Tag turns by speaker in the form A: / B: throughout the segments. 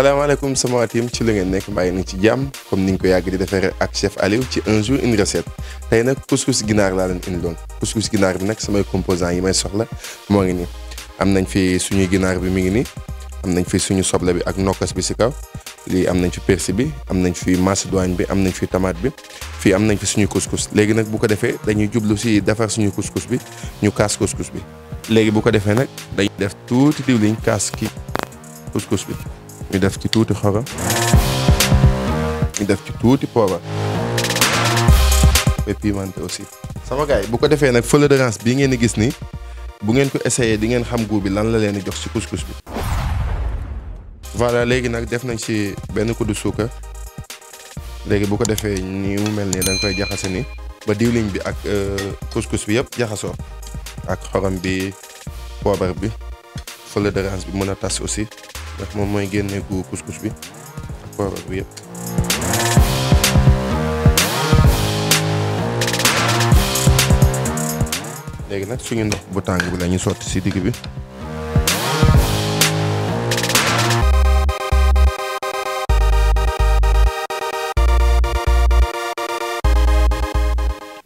A: salaamaaleykum sama team ci la ngeen nekk mbàyyi nañ ci jàmm comme ni ñu ko yàgg di defee ak chef Aliou ci un jour une recette tey nag couscous ginaar laa leen indiloon couscous ginaar bi nag samay composants yi may soxla moo ngi nii am nañ fi suñuy ginaar bi mi ngi nii am nañ fi suñu soble bi ak nokkas bi si lii am nañ fi persil bi am nañ fi macédoine bi am nañ fi tomate bi fii am nañ fi suñu couscous léegi nag bu ko defee dañuy jublu si defar suñu couscous bi ñu kaas couscous bi léegi bu ko defee nag dañuy def tuuti diwliñ kaas ki couscous bi ñu def ci tuuti xorom ñu def ci tuuti poobar ba pimenté aussi sama gars yi bu ko defee nag feuille de rance bii ngeen di gis ni bu ngeen ko essayé di ngeen xam goût bi lan la leen di jox ci couscous bi voilà léegi nag def nañ ci benn kuddu suukar léegi bu ko defee nii mu mel nii da koy jaxase ni ba diwliñ bi ak euh, couscous bi yëpp jaxasoo ak xorom bi poobar bi feuille de rance bi mën a tas aussi ndax moom mooy génne gu couscous pus ak bi yëpp. léegi nag suñu ndox bu tàng la ñu sotti si digg bi.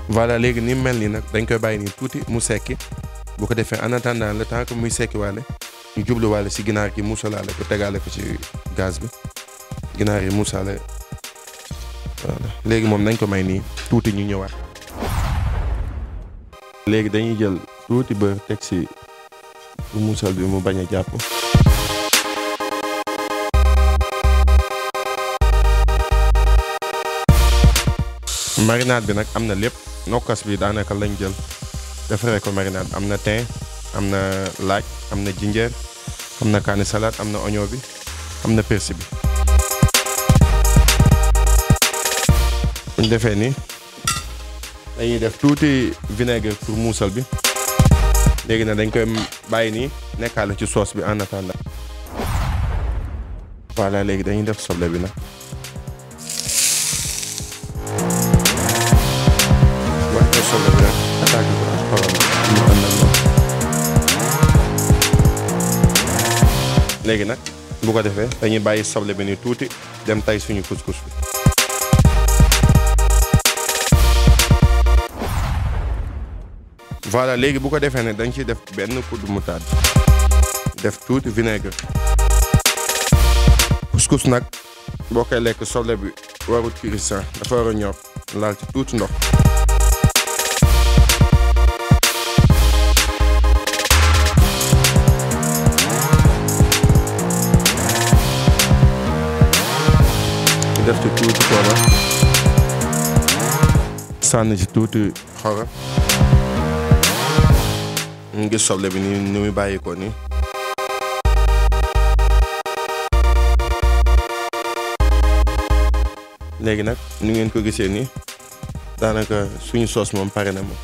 A: voilà léegi ni mel nii nag dañ koy bàyyi nii tuuti mu sekki bu ko defee en attendant le temps muy sekki waale ñu jubluwaale si ginaar gi muusalaale ko tegaale ko ci gaz bi ginaar yi muusaale léegi moom nañ ko may nii tuuti ñu ñëwaat. léegi dañuy jël tuuti ba teg si muusal bi mu bañ a jàpp. marinade bi nag am na lépp nokkas bi daanaka lañ jël defaree ko marinade am na thym am na laaj am na jinjeer am na kaani salade am na oño bi am na persil bi buñ defee nii dañuy def tuuti vinaigre pour muusal bi léegi nag dañ koy bàyyi nii nekkaale ci soos bi en attendant voilà léegi dañuy def soble bi nag léegi nag bu ko defee dañuy bàyyi soble bi ni tuuti dem tay suñu couscous bi voilà léegi bu ko defee ne dañ ciy def benn kuddu moutarde def tuuti vinaigre couscous nag boo koy lekk soble bi warul purissant dafa war a ñor laal ci tuuti ndox def ci tuuti sooba sànni ci tuuti xorom ñu ngi soble bi ni ni muy bàyyi ko nii léegi nag ñu ngeen ko gisee ni daanaka suñu soos moom pare na moom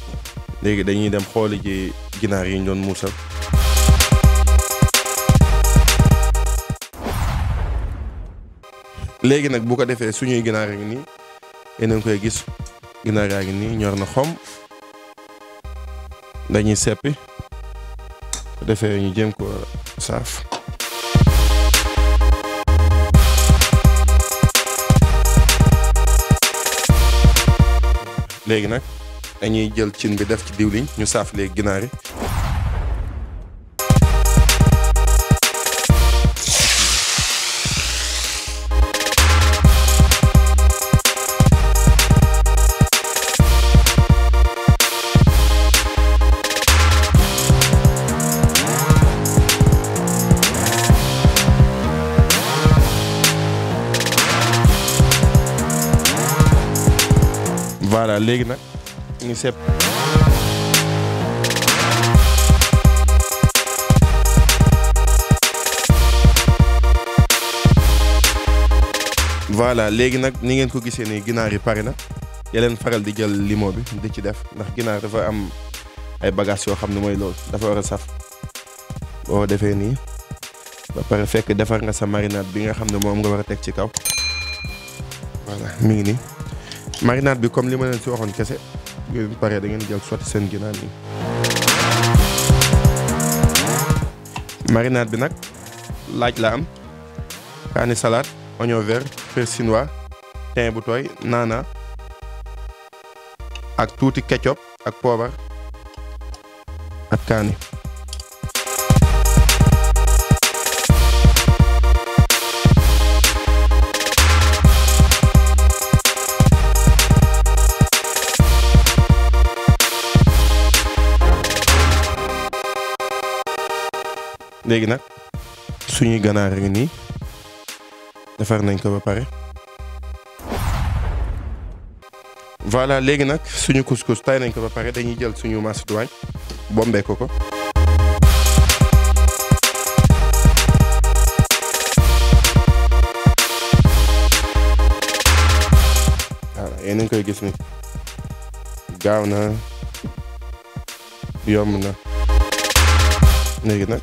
A: léegi dañuy dem xooli ji ginaar yi doon muusal léegi nag bu ko defee suñuy ginaar a ngi nii yéen a ngi koy gis ginaar yaa ngi nii ñor na xom dañuy seppi defee ñu jëm ko saaf. léegi nag dañuy jël cin bi def ci diwliñ ñu saaf léegi ginaar yi. voilà léegi nag ñu sepp léegi nag ni ngeen ko gisee nii ginaar yi pare na ya leen faral di jël limo bi di ci def ndax ginaar dafa am ay bagages yoo xam ne mooy loolu dafa war a saf boo defee nii ba pare fekk defar nga sa marinade bi nga xam ne moom nga war a teg ci kaw voilà mi ngi nii. marinade bi comme li ma leen si waxoon kese bu paree da ngeen jël sotti seen ginaar bi nag laaj la am kaani salade oignon vert persil chinois thym bu tooy naana ak tuuti ketchup ak poobar ak kaani. léegi nag suñuy ganaar ngi nii defar nañ ko ba pare voilà léegi nag suñu couscous tay nañ ko ba pare dañuy jël suñu macédoine bombee ko ko yéen a koy gis ni gaaw na yomb na léegi nag